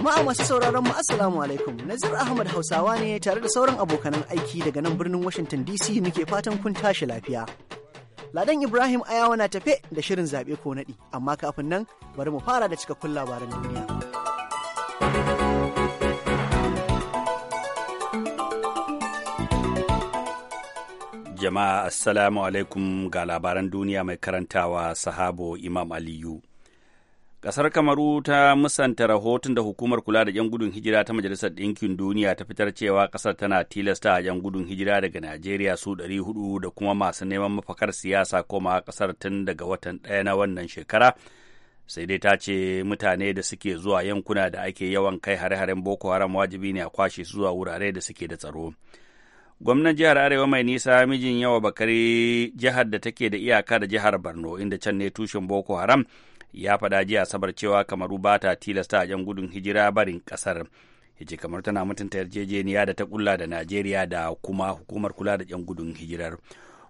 Jama'a masu sauraron mu Assalamu alaikum. Nazir Ahmad Hausawa ne tare da sauran abokanan aiki daga nan birnin Washington DC muke fatan kun tashi lafiya. Ladan Ibrahim Ayawa na tafe da shirin zaɓe ko naɗi, amma kafin nan bari mu fara da cikakkun labaran duniya. Jama'a Assalamu alaikum ga labaran duniya mai karantawa Sahabo Imam Aliyu. Ƙasar Kamaru ta musanta rahoton da hukumar kula da 'yan gudun hijira ta Majalisar Ɗinkin Duniya ta fitar cewa ƙasar tana tilasta a 'yan gudun hijira daga Najeriya su 400 da kuma masu neman mafakar siyasa koma ƙasar tun daga watan ɗaya na wannan shekara. Sai dai ta ce mutane da suke zuwa yankuna da ake yawan kai hare-haren Boko Haram wajibi ne a kwashe su zuwa wurare da suke da tsaro. gwamnan jihar arewa mai nisa mijin yawa bakari jihar da take da iyaka da jihar borno inda can ne tushen boko haram ya faɗa jiya asabar cewa kamaru ba ta tilasta a 'yan gudun hijira barin ƙasar ya ce kamar tana mutunta yarjejeniya da ta kulla da najeriya da kuma hukumar kula da 'yan gudun hijirar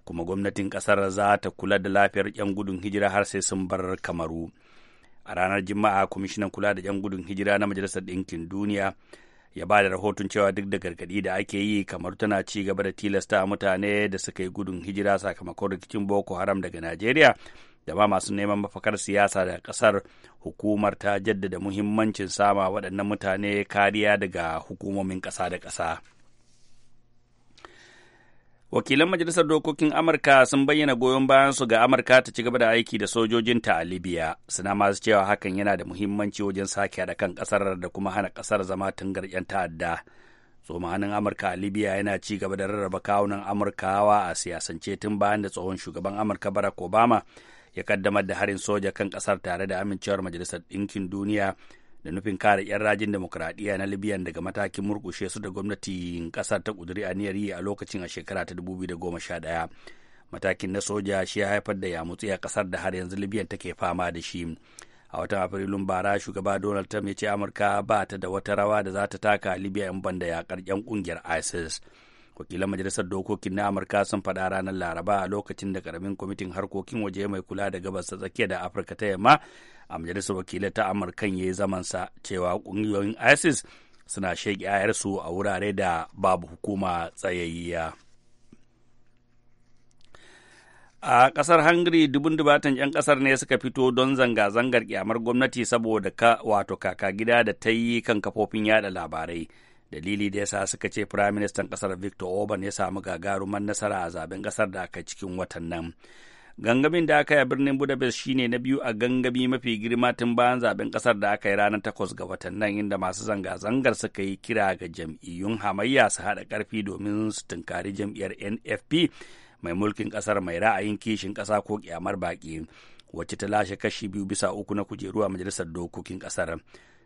kuma gwamnatin ƙasar za ta kula da lafiyar 'yan gudun hijira har sai sun bar kamaru a ranar juma'a kwamishinan kula da 'yan gudun hijira na majalisar ɗinkin duniya ya ba da rahoton cewa duk da gargaɗi da ake yi kamar tana ci gaba da tilasta mutane da suka yi gudun hijira sakamakon rikicin boko haram daga najeriya da ma masu neman mafakar siyasa daga kasar hukumar ta jaddada muhimmancin sama waɗannan mutane kariya daga hukumomin ƙasa da ƙasa. Wakilan Majalisar Dokokin Amurka sun bayyana goyon bayan su ga Amurka ta ci gaba da aiki da sojojinta a Libya, suna masu cewa hakan yana da muhimmanci wajen sake da kan ƙasar da kuma hana ƙasar zama tungar 'yan ta'adda. tsomanin amurka a libya yana ci gaba da rarraba kawunan amurkawa a siyasance tun bayan da tsohon shugaban amurka barack obama ya kaddamar da harin soja kan kasar tare da amincewar majalisar ɗinkin duniya da nufin kare 'yan rajin demokuraɗiyya na libyan daga matakin murkushe su da gwamnatin kasar ta ƙuduri aniyar yi a lokacin a shekara ta 2011 matakin na soja shi ya haifar da yamutsi a kasar da har yanzu libyan take fama da shi a watan afrilun bara shugaba donald trump ya ce amurka ba ta da wata rawa da za ta taka libya in banda yakar 'yan kungiyar isis wakilan majalisar dokokin na amurka sun faɗa ranar laraba a lokacin da karamin kwamitin harkokin waje mai kula da gabas ta tsakiya da afirka ta yamma a majalisar wakilai ta amurkan ya yi zamansa cewa ƙungiyoyin isis suna sheƙi su a wurare da babu hukuma tsayayya. A ƙasar Hungary dubun dubatan 'yan ƙasar ne suka fito don zanga-zangar kyamar gwamnati saboda ka wato kaka gida da ta yi kan kafofin yada labarai. dalili da yasa suka ce firaministan kasar victor orban ya samu gagaruman nasara a zaben kasar da aka cikin watan nan gangamin da aka yi a birnin budapest shine na biyu a gangami mafi girma tun bayan zaben kasar da aka yi ranar takwas ga watan nan inda masu zanga-zangar suka yi kira ga jam'iyyun hamayya su haɗa ƙarfi domin su tunkari jam'iyyar nfp mai mulkin kasar mai ra'ayin kishin ƙasa ko kyamar baƙi wacce ta lashe kashi biyu bisa uku na kujeru a majalisar dokokin kasar.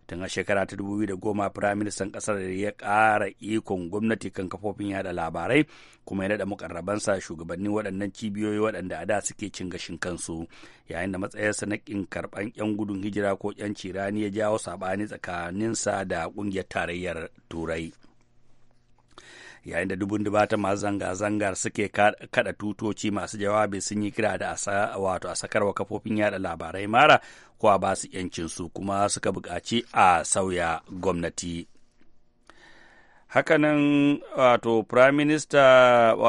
tun a shekara ta dubu da 2010 firaministan ƙasar ya kara ikon gwamnati kan kafofin yada labarai kuma ya nada mukarrabansa shugabannin waɗannan cibiyoyi waɗanda a da suke cin gashin kansu yayin da matsayarsa na kin karɓan 'yan gudun hijira ko 'yan cirani ya jawo saɓani tsakaninsa da ƙungiyar tarayyar turai. yayin da dubun dubata masu zanga-zangar suke kada tutoci masu jawabi sun yi kira da wato a sakarwa kafofin yada labarai mara ko a basu su kuma suka bukaci a sauya gwamnati hakanan wato prime minister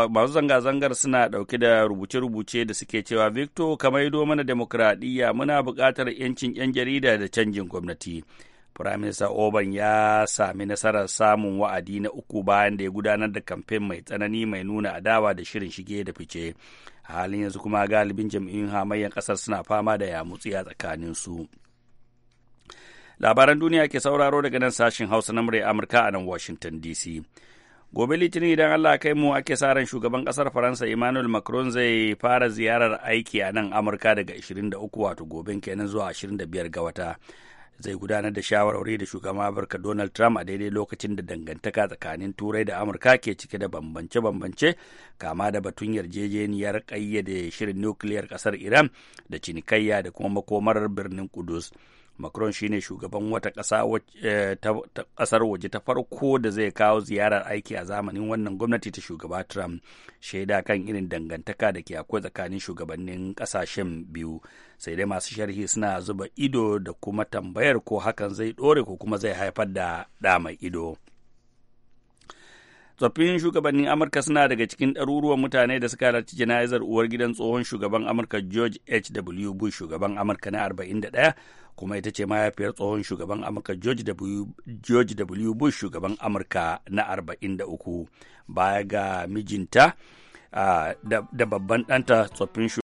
masu zanga-zangar suna ɗauke da rubuce-rubuce da suke cewa victor kamaido mana demokradiyya muna bukatar 'yancin 'yan jarida da canjin gwamnati firaminista oban ya sami nasarar samun wa'adi na uku bayan da ya gudanar da kamfen mai tsanani mai nuna adawa da shirin shige da fice a halin yanzu kuma galibin jam'iyyun hamayyar kasar suna fama da yamutsi a tsakanin su labaran duniya ke sauraro daga nan sashen hausa na murya amurka a nan washington dc gobe litinin idan allah kai mu ake sa ran shugaban kasar faransa emmanuel macron zai fara ziyarar aiki a nan amurka daga 23 wato goben kenan zuwa 25 ga wata zai gudanar da shawarwari da shugaban barka donald trump a daidai lokacin da dangantaka tsakanin turai da amurka ke cike da bambance-bambance kama da batun yarjejeniyar ƙayyade shirin nukiliyar ƙasar iran da cinikayya da kuma makomar birnin kudus macron shine shugaban wata kasar eh, waje ta farko da zai kawo ziyarar aiki a zamanin wannan gwamnati ta shugaba trump shaida kan irin dangantaka da ke akwai tsakanin shugabannin kasashen biyu sai dai masu sharhi suna zuba ido da kuma tambayar ko hakan zai ɗore ko kuma zai haifar da ɗa mai ido. tsoffin shugabannin amurka suna daga cikin ɗaruruwan mutane da suka halarci jana'izar uwar gidan tsohon shugaban amurka george h.w bush shugaban amurka na 41 kuma ita ce mahaifiyar tsohon shugaban amurka george w bush shugaban amurka na 43 baya ga mijinta ah, da babban ɗanta tsoffin shugaban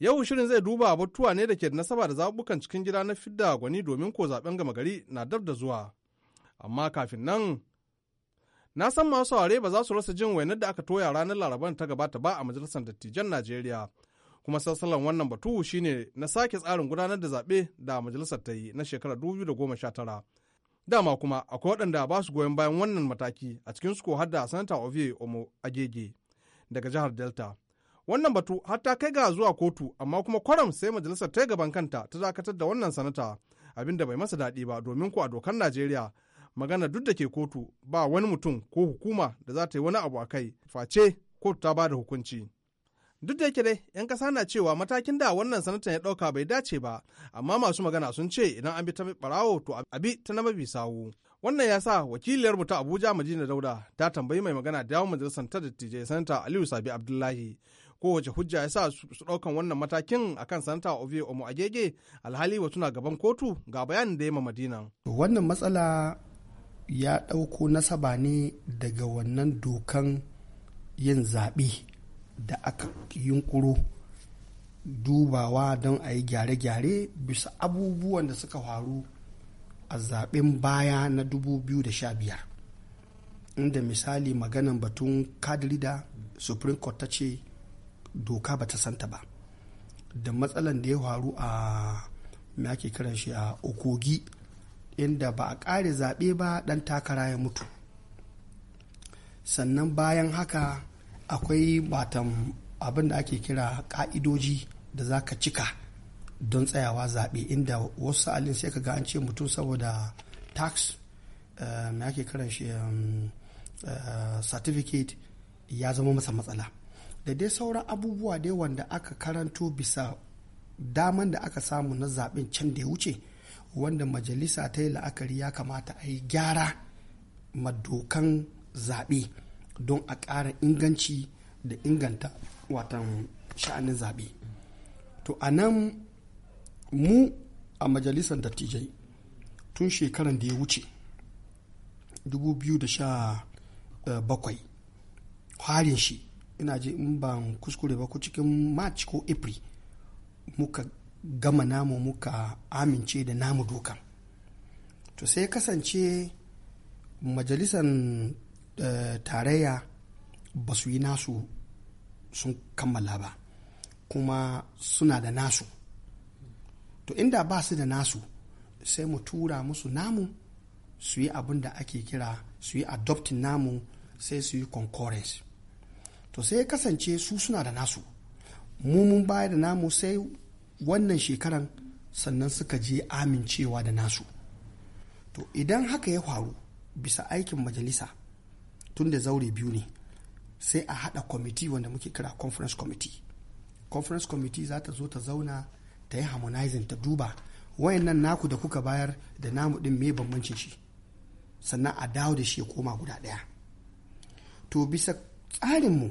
Yau shirin zai duba abubuwa ne da ke da nasaba da zaɓukan cikin gida na fidda gwani domin ko zaɓen gama gari na dab da zuwa. Amma kafin nan, na san masu saurare ba za su rasa jin wainar da aka toya ranar laraban ta gabata ba a majalisar dattijan Najeriya. Kuma sassalan wannan batu shine na sake tsarin gudanar da zaɓe da majalisar ta yi na shekarar 2019. Dama kuma akwai waɗanda ba su goyon bayan wannan mataki a cikin su ko hadda da Sanata Ovie Omo Agege daga jihar Delta. wannan batu har ta kai ga zuwa kotu amma kuma kwaram sai majalisar ta gaban kanta ta dakatar da wannan sanata abinda bai masa daɗi ba domin ko a dokar najeriya magana duk da ke kotu ba wani mutum ko hukuma da za ta yi wani abu a kai face kotu ta ba da hukunci duk da yake dai yan kasa na cewa matakin da wannan sanatan ya ɗauka bai dace ba amma masu magana sun ce idan an bi ta barawo to abi ta na mafi sawu wannan ya sa wakiliyarmu ta abuja madina dauda ta tambayi mai magana da yawon majalisar ta dattijai sanata aliyu sabi abdullahi kowace hujja ya sa su ɗaukan wannan matakin akan sanata ovie omo agege alhali wa tuna gaban kotu ga bayanin da ya ma madina. wannan matsala ya ɗauko nasaba ne daga wannan dokan yin zaɓe da aka yunkuro dubawa don a yi gyare-gyare bisa abubuwan da suka faru a zaɓen baya na 2015 inda misali maganan batun kadrida supreme court ta ce doka ba ta santa ba da matsalan da ya faru a me ake kiran shi a okogi inda ba a ƙare zaɓe ba ɗan takara ya mutu sannan bayan haka akwai matan abin da ake kira ƙa'idoji da za ka cika don tsayawa zaɓe inda wasu sa'alin sai ka ga an ce mutum saboda tax eh, mai ake kiran shi um, eh, certificate ya zama masa matsala da dai sauran abubuwa dai wanda aka karanto bisa daman da aka samu na zaben can da ya wuce wanda majalisa ta yi la'akari ya kamata a yi gyara madokan zaɓe don a ƙara inganci da inganta watan sha'anin zaɓe to a nan mu a majalisar dattijai tun shekaran da ya wuce 2017 eh, harin shi ina ji in ban kuskure ba ko cikin march ko april muka gama namu muka amince da namu dokan to sai kasance majalisar eh, tarayya ba su yi nasu sun kammala ba kuma suna da nasu to inda ba su da nasu sai mu tura musu namu su yi abin da ake kira su yi adoptin namu sai su yi concurrence to sai ya kasance su suna da nasu mu mun bayar da namu sai wannan shekaran sannan suka je amincewa da nasu to idan haka ya faru bisa aikin majalisa tun da zaure biyu ne sai a hada kwamiti wanda muke kira conference committee conference committee za ta zo ta zauna ta yi harmonizing ta duba wayannan naku da kuka bayar da namu din me bambancin shi sannan a dawo da shi ya koma guda daya to bisa tsarinmu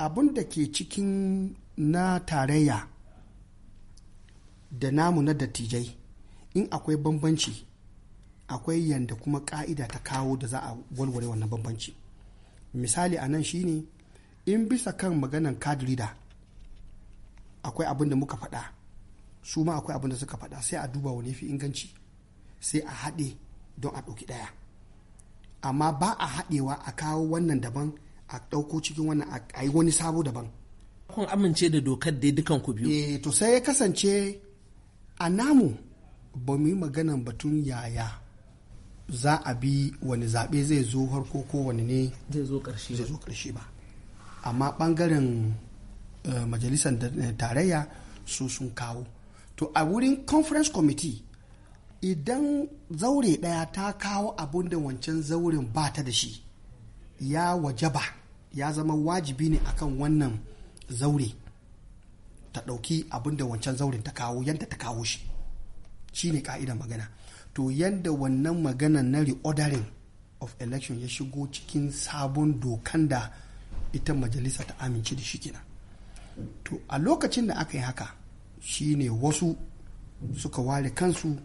abun da ke cikin na tarayya da namu na dattijai in akwai bambanci akwai yanda kuma ka'ida ta kawo da za a walware wannan bambanci misali a nan shine in bisa kan maganan kadiri da akwai abin da muka faɗa su ma akwai abin da suka faɗa sai a duba wani fi inganci sai a haɗe don a ɗauki ɗaya amma ba a haɗewa a kawo wannan daban a ɗauko cikin wannan a yi wani sabo daban kun amince da dokar dai dukan ku biyu eh to sai ya kasance a namu ba mu yi maganan batun yaya za a bi wani zaɓe zai zo harko ko wani ne zai zo ƙarshe ba amma ɓangaren eh, majalisar eh, tarayya su sun kawo to a wurin conference committee idan zaure ɗaya ta kawo abun da wancan zauren ba ta da shi ya wajaba ya zama wajibi ne akan wannan zaure ta ɗauki abin da wancan zaurin ta kawo yadda ta kawo shi shi ne ka'idar magana to yadda wannan magana na reordering of election ya shigo cikin sabon dokan da ita majalisa ta amince da shi kenan to a lokacin da aka yi haka shi ne wasu suka ware kansu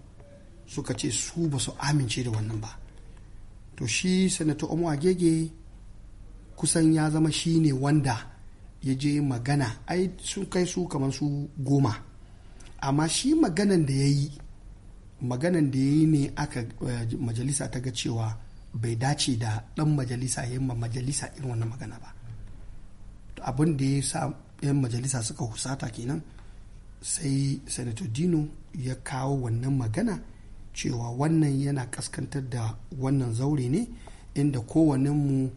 suka ce su ba su amince da wannan ba to shi sanato omo agege kusan ya zama shi ne wanda ya je magana ai sun kai su kamar su goma amma shi maganan da ya yi maganan da ya yi ne aka eh, majalisa ta ga cewa bai dace da ɗan majalisa ya ma majalisa irin wannan magana ba abin da ya sa 'yan majalisa suka husata kenan sai senator dino ya kawo wannan magana cewa wannan yana kaskantar da wannan zaure ne inda mu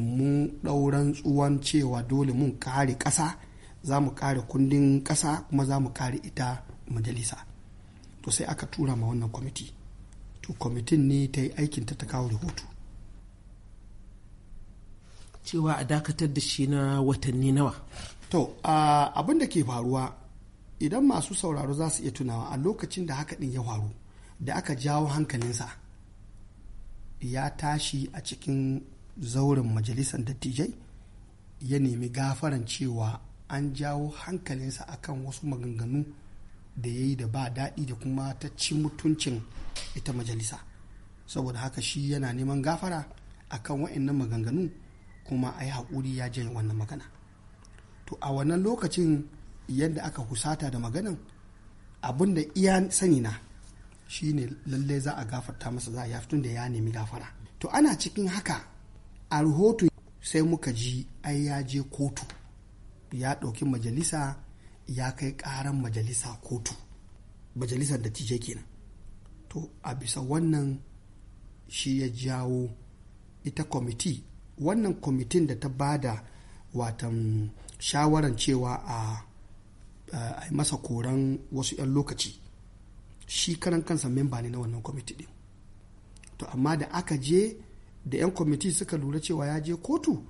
mun ɗauran tsuwan cewa dole mun kare ƙasa za mu kare kundin ƙasa kuma za mu kare ita majalisa to sai aka tura ma wannan kwamiti to kwamitin ne ta yi aikin ta kawo rahoto cewa a dakatar da shi na watanni nawa to abin da ke faruwa idan masu sauraro za su iya tunawa a lokacin da haka din ya faru da aka jawo hankalinsa ya tashi a cikin Zaurin majalisar dattijai ya nemi gafaran cewa an jawo hankalinsa akan wasu maganganu da ya yi da ba daɗi da kuma ta ci mutuncin ita majalisa saboda haka shi yana neman gafara akan wa'annan maganganu kuma a yi haƙuri ya janye wannan magana to a wannan lokacin yadda aka husata da maganan abin da iya sani na shine lallai za a gafarta masa za a yafi da ya nemi gafara to ana cikin haka a rahoto sai muka ji ai ya je kotu ya ɗauki majalisa ya kai ƙaran majalisa kotu majalisar da tije kenan to a bisa wannan shi ya jawo ita kwamiti wannan kwamitin da ta ba da watan shawaran cewa a a masa koran wasu 'yan lokaci shi karan kansa memba ne na wannan kwamiti din to amma da aka je da 'yan kwamiti suka lura cewa ya je kotu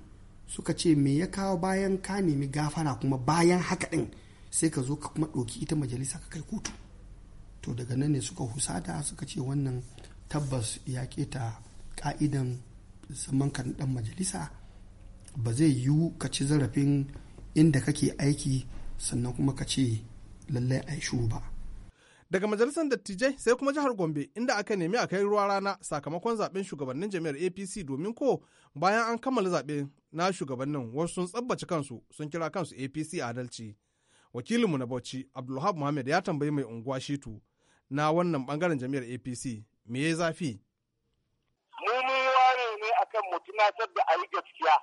suka ce me ya kawo bayan ka nemi gafara kuma bayan haka ɗin sai ka zo ka kuma ɗoki ita majalisa ka kai kotu to daga nan ne suka husata suka ce wannan tabbas ya keta ka'idan zaman ka dan majalisa ba zai yiwu ka ci zarafin inda kake aiki sannan kuma ka ce lallai a shuru ba daga majalisar dattijai sai kuma jihar gombe inda aka nemi a kai ruwa rana sakamakon zaben shugabannin jami'ar apc domin ko bayan an kammala zaɓe na shugabannin wasu sun tsabbace kansu sun kira kansu apc adalci wakilinmu na bauchi abdulhab muhammad ya tambayi mai unguwa shitu na wannan bangaren jami'ar apc me ya zafi mu akan da ayi gaskiya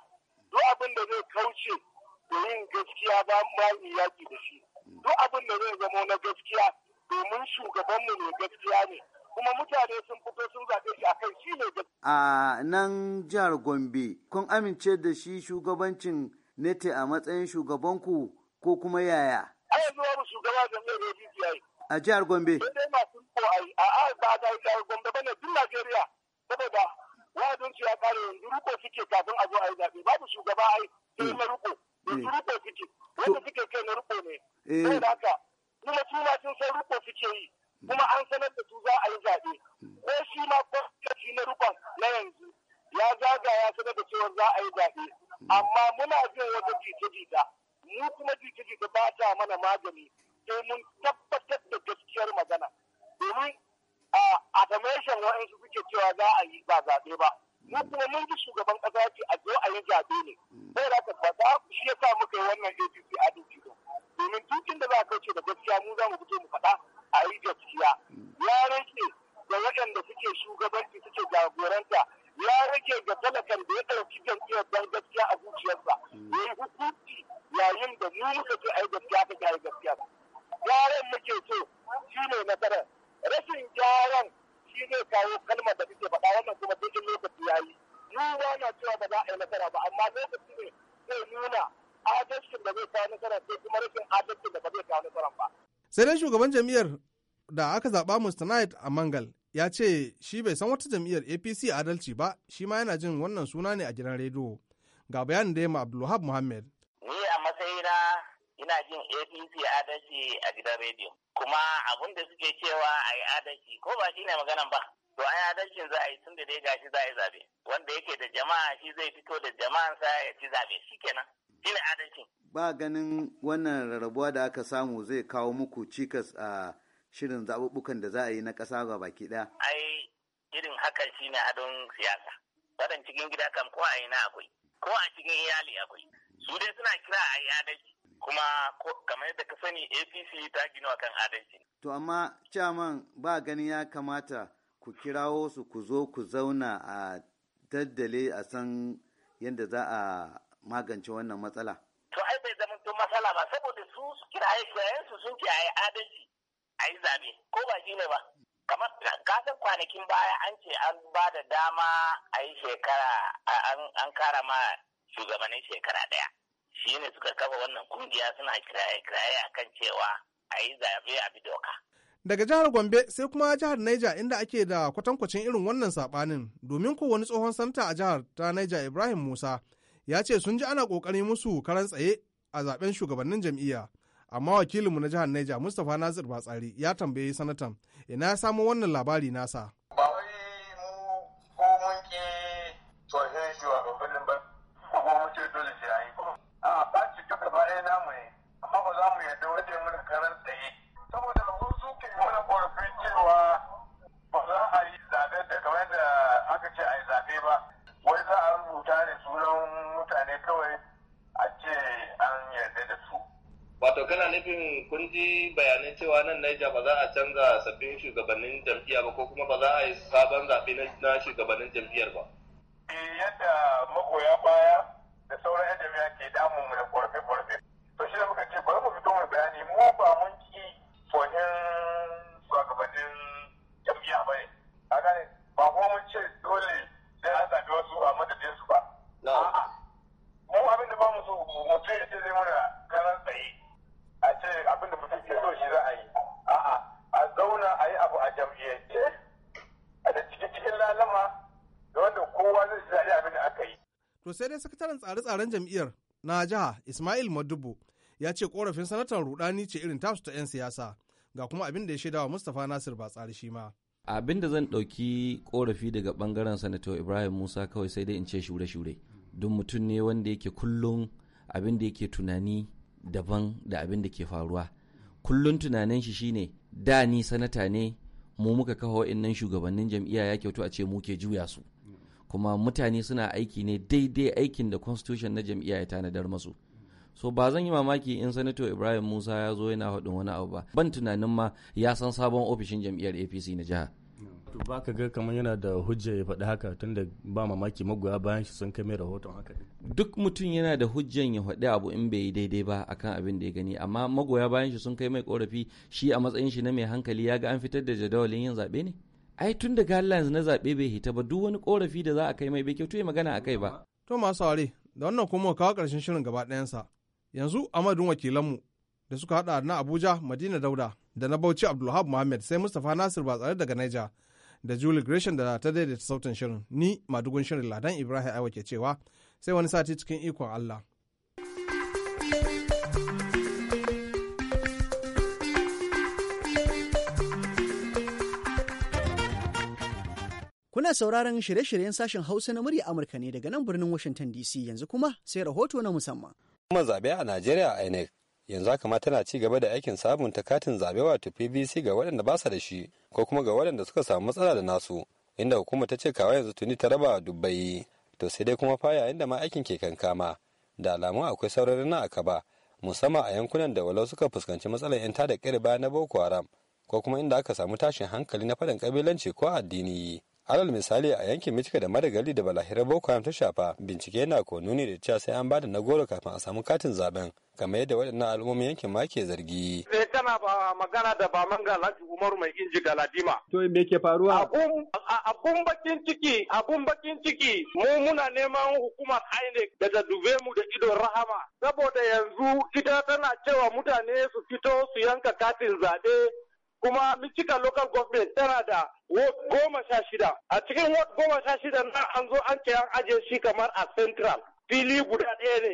duk zai kauce da yin gaskiya ba mu yaki da shi duk abin da zai zama na gaskiya domin shugabanmu ne gaskiya ne kuma mutane sun fito sun zaɓe shi a kai shi ne a nan jihar gombe kun amince da shi shugabancin nete a matsayin shugabanku ko kuma yaya a yanzu wani shugaba da mai rediyo a jihar gombe sai masu ko a a ba da jihar gombe ba ne duk najeriya saboda wa'adin su ya kare yanzu ruko suke kafin a zo a yi zaɓe babu shugaba ai sai na ruko mm. yanzu ruko suke mm. wanda suke kai na ruko ne eh. saboda haka kuma su ma sun san ruko kawo nasara sai kuma rashin adalci da ba zai kawo nasara ba. sai dai shugaban jam'iyyar da aka zaɓa mr knight a mangal ya ce shi bai san wata jam'iyyar apc adalci ba shi ma yana jin wannan suna ne a gidan rediyo ga bayanin da ya ma abdulhab muhammed. ni a matsayina ina jin apc adalci a gidan rediyo kuma abun da suke cewa a yi adalci ko ba shi ne maganan ba to ai adalcin za a yi tun da dai gashi za a yi zabe wanda yake da jama'a shi zai fito da jama'ansa ya ci zabe kenan shine adalcin ba ganin wannan rarrabuwa da aka samu zai kawo muku cikas a shirin zaɓuɓɓukan da za a yi na ƙasa ga baki ɗaya ai irin hakan shine adon siyasa Wadan cikin gida kam ko a ina akwai ko a cikin iyali akwai su dai suna kira a yi adalci kuma kamar yadda ka sani apc ta wa kan adalci to amma caman ba ganin ya kamata ku kirawo su ku zo ku zauna a daddale a san yadda za a magance wannan matsala? To ai bai zama to matsala ba saboda su kiraye kirayen su sun kiyaye adalci a yi zabe ko ba shi ne ba. Kamar kasan kwanakin baya an ce an ba da dama a yi shekara an kara ma shugabannin shekara ɗaya. Shi ne suka kafa wannan kungiya suna kiraye kiraye a kan cewa a yi zabe a bi doka. daga jihar gombe sai kuma jihar naija inda ake da kwatankwacin irin wannan sabanin domin ko wani tsohon santa a jihar ta naija ibrahim musa ya ce sun ji ana kokarin musu karan tsaye a zaben shugabannin jam'iyya amma wakilinmu na jihar niger Mustapha Nazir Batsari ya tambayi sanatan ina ya samo wannan labari nasa. nufin kun ji bayanai cewa nan Niger ba za a canza sabbin shugabannin jam'iyya ba ko kuma ba za a yi sabon zaɓe na shugabannin jam'iyyar ba. tsare-tsaren jam'iyyar na jiha Ismail madubu ya ce korafin sanatan rudani ce irin tasu ta 'yan siyasa ga kuma abin da ya shaidawa Mustapha Nasir tsari shi ma. Abin da zan ɗauki korafi daga bangaren sanato Ibrahim Musa kawai sai dai in ce shure-shure. Don mutum ne wanda yake kullum abin da yake tunani daban da abin da ke faruwa. Kullum tunanin shi shine da ni sanata ne mu muka kafa nan shugabannin jam'iyya ya kyautu a ce mu ke juya su. kuma mutane suna aiki ne daidai aikin da constitution na jam'iyya ya tanadar masu so ba zan yi mamaki in sanato ibrahim musa ya zo yana haɗin wani abu ba ban tunanin ma ya san sabon ofishin jam'iyyar apc na jiha to ba ka ga kamar yana da hujja ya faɗi haka tunda ba mamaki magoya bayan shi sun kai mai rahoton haka duk mutum yana da hujjan ya faɗi abu in bai yi daidai ba akan abin da ya gani amma magoya bayan shi sun kai mai korafi shi a matsayin shi na mai hankali ya ga an fitar da jadawalin yin zaɓe ne ai tun da guidelines na zaɓe bai hita ba duk wani korafi da za a kai mai bai kyautu ya magana a kai ba. To masu saurare da wannan kuma kawo ƙarshen shirin gaba ɗayansa yanzu a madadin wakilanmu da suka haɗa na Abuja Madina Dauda da na Bauchi Abdulhab Muhammad sai Mustapha Nasir ba tsare daga niger da Julie Gresham da ta daidaita sautin shirin ni madugun shirin Ladan Ibrahim Aiwa ke cewa sai wani sati cikin ikon Allah. Kuna sauraron shirye-shiryen sashen Hausa na murya Amurka ne daga nan birnin Washington DC yanzu kuma sai rahoto na musamman. Kuma zabe a Najeriya a INEC yanzu haka ma tana ci gaba da aikin sabunta katin zabe wato PVC ga waɗanda ba sa da shi ko kuma ga waɗanda suka samu matsala da nasu inda hukuma ta ce kawai yanzu tuni ta raba dubbai to sai dai kuma faya inda ma aikin ke kankama da alamu akwai sauraron na aka akaba musamman a yankunan da walau suka fuskanci matsalar 'yan tada kirba na Boko Haram ko kuma inda aka samu tashin hankali na faɗin ƙabilanci ko addini. alal misali a yankin mitika da madagali da balahirar boko haram ta shafa bincike na ko nuni da cewa sai an bada na goro kafin a samu katin zaben kamar yadda waɗannan al'ummomin yankin ma ke zargi. me kana ba magana da ba manga lati Umaru mai inji Galadima. To me ke faruwa? Abun bakin ciki, abun bakin ciki mu muna neman hukumar INEC da ta dube mu da idon rahama saboda yanzu ita tana cewa mutane su fito su yanka katin zaɓe kuma Michigan local government tana da ward goma sha shida a cikin ward goma sha shida na an zo an ce an ajiye shi kamar a central fili guda ɗaya ne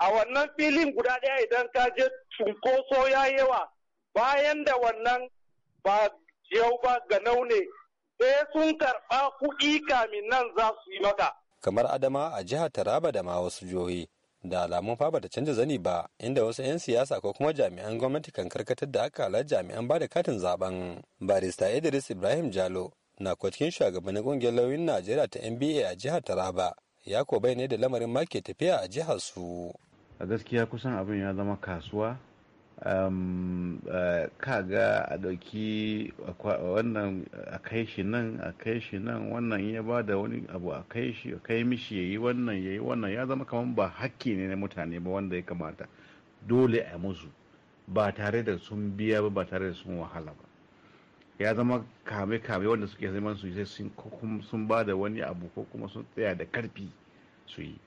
a wannan filin guda ɗaya idan ka je cunkoso ya yawa bayan da wannan ba yau ba ga naune sai sun karɓa kuɗi kamin nan za su yi maka kamar adama a jihar taraba da ma wasu jihohi da alamun fa bata canza zani ba inda wasu 'yan siyasa ko kuma jami'an gwamnati kan karkatar da aka akalar jami'an ba da katin zaben barista idris ibrahim jalo na kwatkin shugabannin kungiyar lauyin najeriya ta nba a jihar taraba ya ko bai ne da lamarin make tafiya a jihar su a gaskiya kusan abin ya zama kasuwa um, uh, eh, kaga a ɗauki wannan a kai shi nan a kai shi nan wannan ya ba da wani abu a kai shi a kai mishi ya yi wannan ya yi wannan ya zama kamar ba hakki ne na mutane ba wanda ya kamata dole a musu ba tare da sun biya ba ba tare da sun wahala ba ya zama kame-kame wanda suke zaman su sai sun ba da wani abu ko kuma sun tsaya da karfi su yi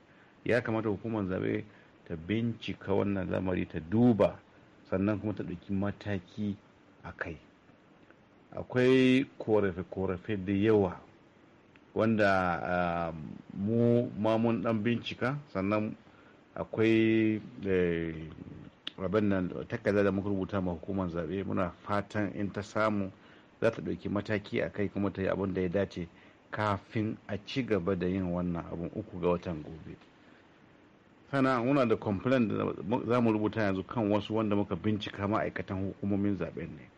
ya kamata hukumar zabe ta bincika wannan lamari ta duba sannan kuma ta ɗauki mataki a kai akwai korafe-korafe da yawa wanda ah, mu mamun ɗan bincika sannan akwai eh, abin nan takarda da muka rubuta ma hukumar zaɓe muna fatan in ta samu za ta ɗauki mataki a kai kuma ta yi abin da ya dace kafin a ci gaba da yin wannan abin uku ga watan gobe. sana muna da complain da za mu rubuta yanzu kan wasu wanda muka bincika ma'aikatan hukumomin zaben ne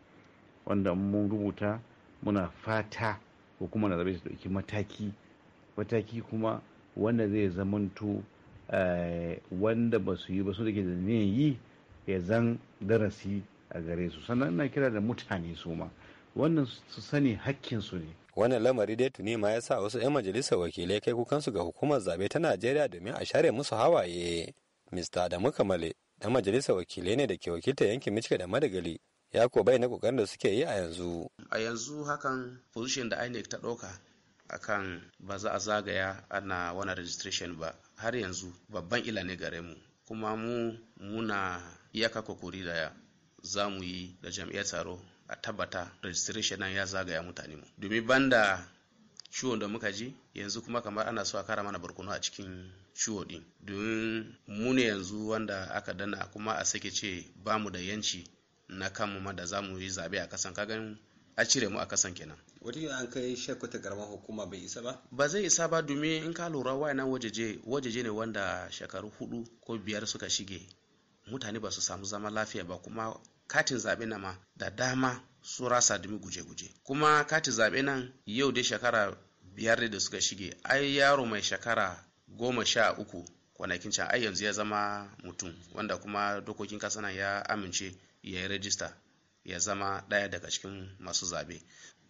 wanda mun rubuta muna fata hukumar da zaɓe su ɗauki mataki mataki kuma wanda zai zamanto eh, wanda ba su yi ba su da ke da niyan yi ya zan darasi a gare su sannan ina kira da mutane su ma wannan su sani hakkinsu ne wannan lamari dai tuni ma yasa wasu 'yan majalisar wakilai kai kukansu ga hukumar zabe ta najeriya domin a share musu hawaye mr adamu kamale dan majalisar wakilai ne da ke wakilta yankin michigan da madagali ya ko bai na kokarin da suke yi a yanzu a yanzu hakan position da inec ta ɗauka akan ba za a zagaya ana wani registration ba har yanzu babban ila ne gare mu kuma mu muna iyaka kokori da za mu yi da jam'iyyar taro a tabbata registration nan ya zagaya mutane mu domin banda ciwon da muka ji yanzu kuma kamar ana so a kara mana barkono a cikin ciwo din domin mu ne yanzu wanda aka dana kuma a sake ce ba mu da yanci na kanmu ma da za mu yi zabe a kasan kagan a cire mu a kasan kenan wata an kai shekwata karamar hukuma bai isa ba ba zai isa ba domin in ka lura wayanan wajeje wajeje ne wanda shekaru hudu ko biyar suka shige mutane ba su samu zama lafiya ba kuma katin zaɓe na ma da dama su rasa dumi guje-guje kuma katin zaɓe nan yau dai shekara biyar da suka shige ai yaro mai shekara goma sha uku kwanakin can ai yanzu ya zama mutum wanda kuma dokokin nan ya amince ya yi rajista ya zama ɗaya daga cikin masu zaɓe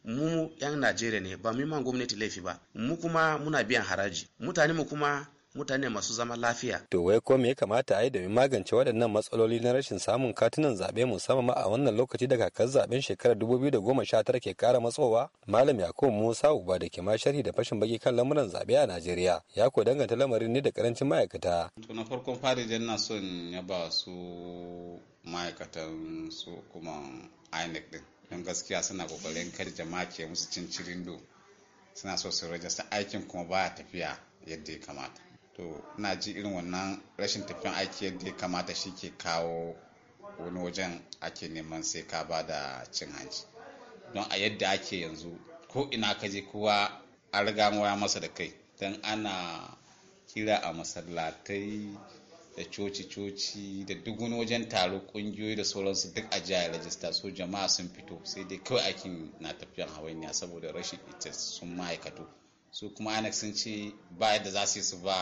mu 'yan najeriya ne ba mu yi man gwamnati laifi ba mu kuma muna biyan haraji mutane mu kuma mutane masu zama lafiya. To wai ko me ya kamata a yi domin magance waɗannan matsaloli na rashin samun katunan zaɓe musamman a wannan lokaci da kakar zaɓen shekarar da goma sha tara ke ƙara matsowa? Malam Yakubu Musa Uba da ke ma sharhi da fashin baki kan lamuran zaɓe a Najeriya ya ko danganta lamarin ne da ƙarancin ma'aikata. To na farkon fari da na son ya ba su ma'aikatan su kuma INEC din. Don gaskiya suna kokarin kar jama'a ke musu cin cirindo. Suna so su rajista aikin kuma baya tafiya yadda ya kamata. to na ji irin wannan rashin tafiyan aiki yadda ya kamata shi ke kawo wani wajen ake neman sai ka ba da cin hanci don a yadda ake yanzu ko ina ka je kowa a riga waya masa da kai don ana kira a masallatai da coci-coci da duk wani wajen taro kungiyoyi da sauransu duk a jihar rajista so jama'a sun fito sai dai kawai aikin na tafiyan hawainiya saboda rashin ita sun ma'aikatu su kuma INEC sun ce ba yadda za su yi su ba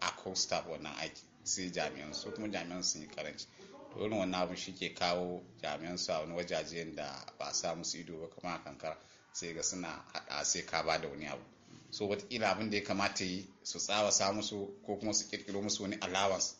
a costa wannan aiki sai jami'an su kuma jami'an sun yi karanci to irin wannan abin shi ke kawo jami'an su a wani wajaje da ba sa musu ido ba kuma a kankara sai ga suna had'a sai ka ba da wani abu so wataƙila abin da ya kamata yi su sa musu ko kuma su kirkiro musu wani allowance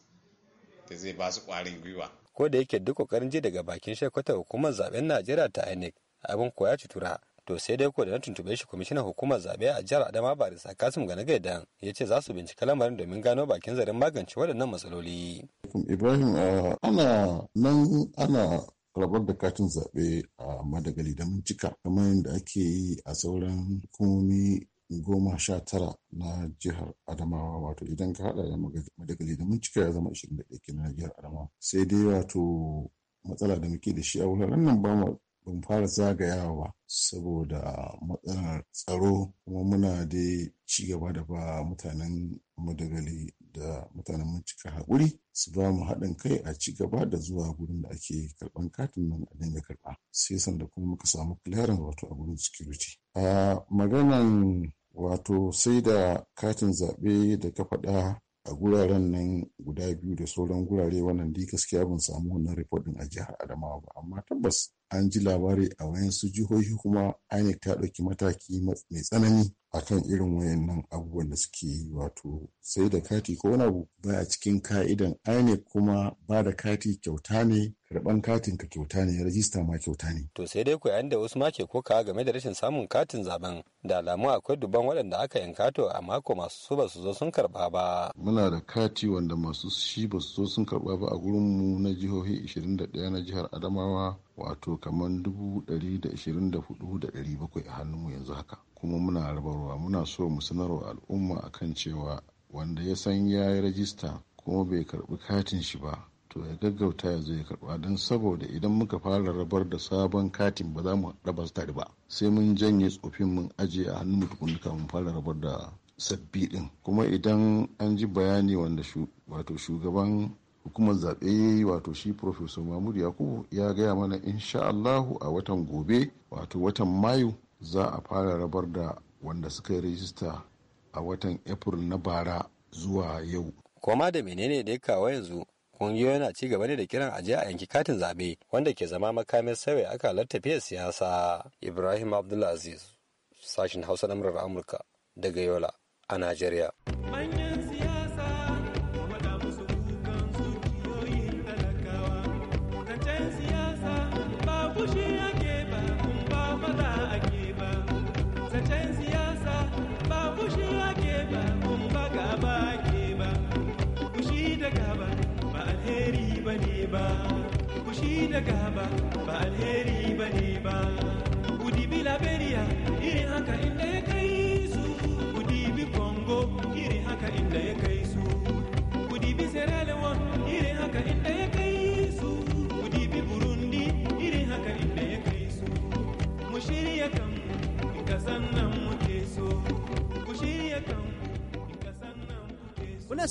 da zai ba su ƙwarin gwiwa. ko da yake duk ƙoƙarin ji daga bakin shekwatar hukumar zaben najeriya ta inec abin koya cutura to sai dai ko da na tuntube shi kwamishinan hukumar zabe a jihar adama barisa kasim gane gaidan ya ce za su binciki lamarin domin gano bakin zarin magance waɗannan matsaloli. ibrahim eh, ana nan ana rabar da katin zaɓe a madagali da cika kamar yadda ake yi a sauran hukumomi goma sha tara na jihar adamawa wato idan ka hada da madagali da cika ya zama da kenan na jihar adamawa sai dai wato matsala da muke da shi a wuraren nan ba mu ban fara zagayawa ba saboda matsalar tsaro kuma muna da ci gaba da ba mutanen madagali da mutanen cika hakuri su ba mu haɗin kai a ci gaba da zuwa gurin da ake karɓan katin nan a dinga karɓa sai sanda kuma muka samu clearance wato a gurin security a maganan wato sai da katin zaɓe da ka faɗa a guraren nan guda biyu da sauran gurare wannan dai gaskiya ban samu wannan report a jihar Adamawa ba amma tabbas an ji labari a wayansu jihohi kuma INEC ta ɗauki mataki mai tsanani akan irin wayannan abubuwan da suke yi wato sai da kati ko wani abu baya cikin ka'idan INEC kuma ba da kati kyauta ne karban katin ka kyauta ne rajista ma kyauta ne. To sai dai yayin da wasu ma ke ka game da rashin samun katin zaben da alamu akwai dubban waɗanda aka yanka to a mako masu su ba su zo sun karba ba. Muna da kati wanda masu shi ba su zo sun karba ba a gurin mu na jihohi 21 na jihar Adamawa wato kamar 124,700 a hannunmu yanzu haka kuma muna rabarwa sanarwa muna so mu sanarwa al'umma a kan cewa wanda ya san ya yi rajista kuma bai karbi katin shi ba to ya gaggauta ya zai ya karba don saboda idan muka fara rabar da sabon katin ba za mu raba su tare ba sai mun janye tsofin mun ajiye a hannun mutukun mun fara rabar da sabbi din kuma idan an ji bayani wanda wato shugaban hukumar zaɓe wato shi professor mahmud yakubu ya gaya mana insha allahu a watan gobe wato watan mayu za a fara rabar da wanda suka yi rijista a watan april na bara zuwa yau koma da menene da ya kawo yanzu kungiyoyi yana ci gaba ne da kiran aje a yanki katin zabe wanda ke zama makamin sauya akalar tafiyar siyasa ibrahim abdulaziz sashen hausa na murar amurka daga yola a najeriya